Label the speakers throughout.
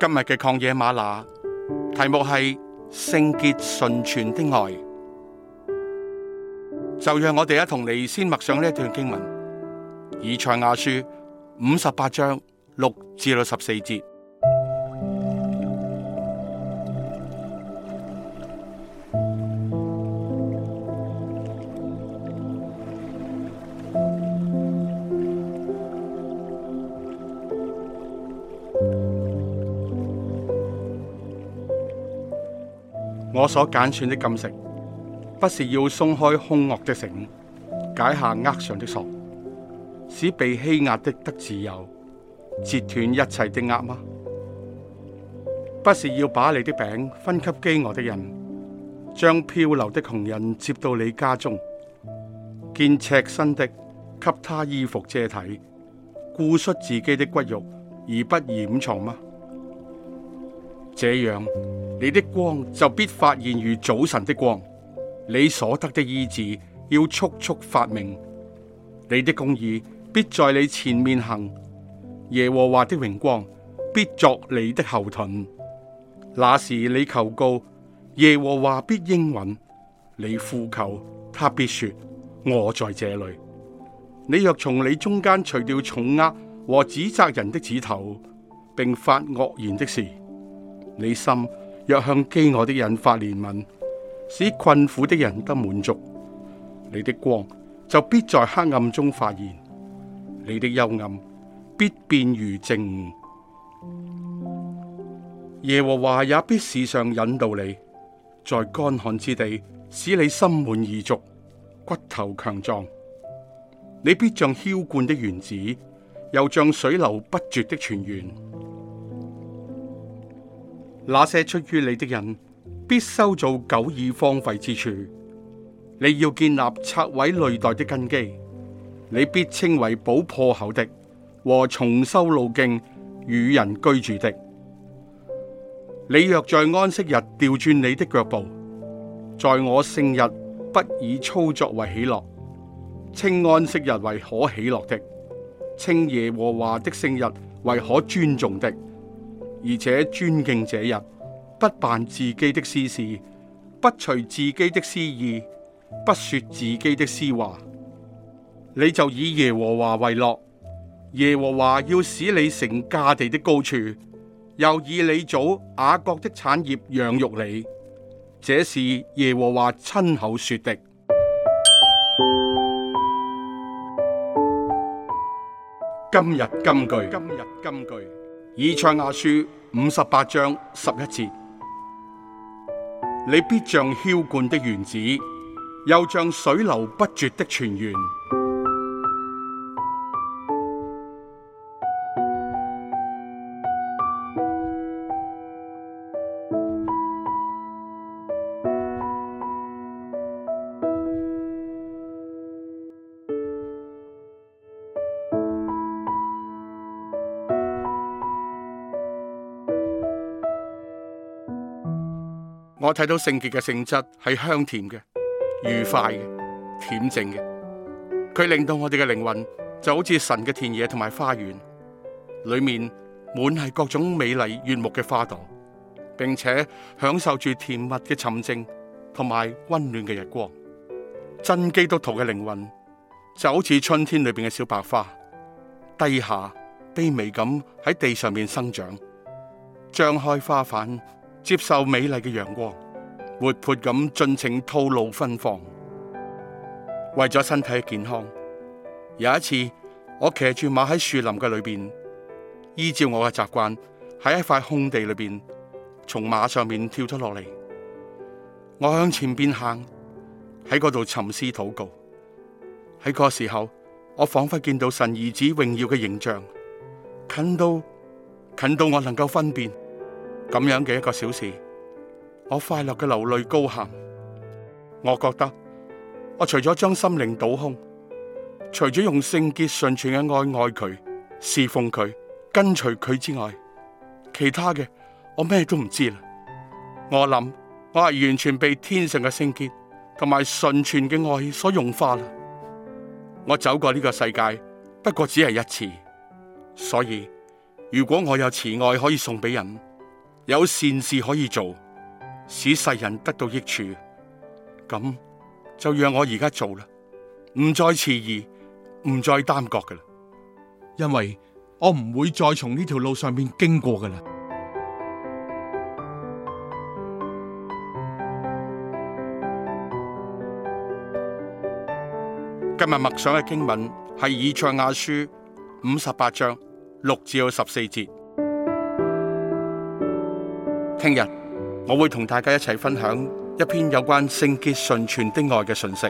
Speaker 1: 今日嘅曠野嗎哪題目係聖潔純全的愛，就讓我哋一同嚟先默上呢段經文，以賽亞書五十八章六至到十四節。我所揀選的禁食，不是要鬆開凶惡的繩，解下軛上的索，使被欺壓的得自由，截斷一切的軛嗎？不是要把你的餅分給飢餓的人，將漂流的窮人接到你家中，見赤身的給他衣服遮體，顧恤自己的骨肉而不掩藏嗎？這樣，你的光就必發現如早晨的光，你所得的醫治要速速發明，你的公義必在你前面行，耶和華的榮光必作你的後盾。那時你求告耶和華必應允，你呼求他必說：我在這裏。你若從你中間除掉重軛和指責人的指頭，並發惡言的事，你心。若向飢餓的人發憐憫，使困苦的人得滿足，你的光就必在黑暗中發現，你的幽暗必變如正午。耶和華也必時常引導你，在乾旱之地使你心滿意足，骨頭強壯。你必像澆灌的園子，又像水流不絕的泉源。那些出於你的人，必修造久已荒廢之處。你要建立拆毀累代的根基，你必稱為補破口的，和重修路徑與人居住的。你若在安息日調轉你的腳步，在我聖日不以操作為喜樂，稱安息日為可喜樂的，稱耶和華的聖日為可尊重的。而且尊敬這日，不辦自己的私事，不隨自己的私意，不說自己的私話，你就以耶和華為樂。耶和華要使你乘駕地的高處，又以你祖雅各的產業養育你。這是耶和華親口說的。 今日金句。今日金句。以賽亞書五十八章十一節，你必像澆灌的園子，又像水流不絕的泉源。我睇到聖潔嘅性質係香甜嘅、愉快嘅、恬靜嘅，佢令到我哋嘅靈魂就好似神嘅田野同埋花園，裏面滿係各種美麗悅目嘅花朵，並且享受住甜蜜嘅沉靜同埋溫暖嘅日光。真基督徒嘅靈魂就好似春天裏邊嘅小白花，低下卑微咁喺地上面生長，張開花瓣。接受美麗嘅陽光，活潑咁盡情吐露芬芳。為咗身體嘅健康，有一次我騎住馬喺樹林嘅裏邊，依照我嘅習慣，喺一塊空地裏邊，從馬上面跳咗落嚟。我向前邊行，喺嗰度沉思禱告。喺嗰時候，我仿佛見到神兒子榮耀嘅形象，近到近到我能夠分辨。咁樣嘅一個小事，我快樂嘅流淚高喊，我覺得我除咗將心靈倒空，除咗用聖潔純全嘅愛愛佢、侍奉佢、跟隨佢之外，其他嘅我咩都唔知啦。我諗我係完全被天上嘅聖潔同埋純全嘅愛所融化啦。我走過呢個世界不過只係一次，所以如果我有慈愛可以送俾人，有善事可以做，使世人得到益處，咁就讓我而家做啦，唔再遲疑，唔再耽擱噶啦，因為我唔會再從呢條路上面經過噶啦。今日默想嘅經文係以賽亞書五十八章六至十四節。聽日我會同大家一齊分享一篇有關聖潔純全的愛嘅信息。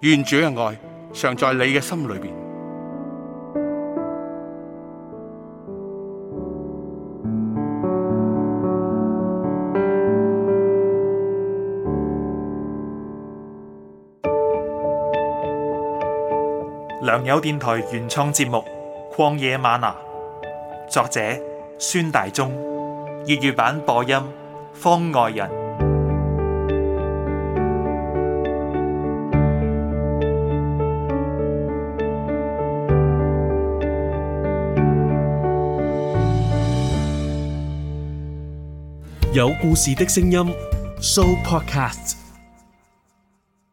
Speaker 1: 願主嘅愛常在你嘅心裏邊。良友電台原創節目《曠野嗎哪》，作者孫大中。粵語版播音，方外人。有故事的聲音，Show Podcast。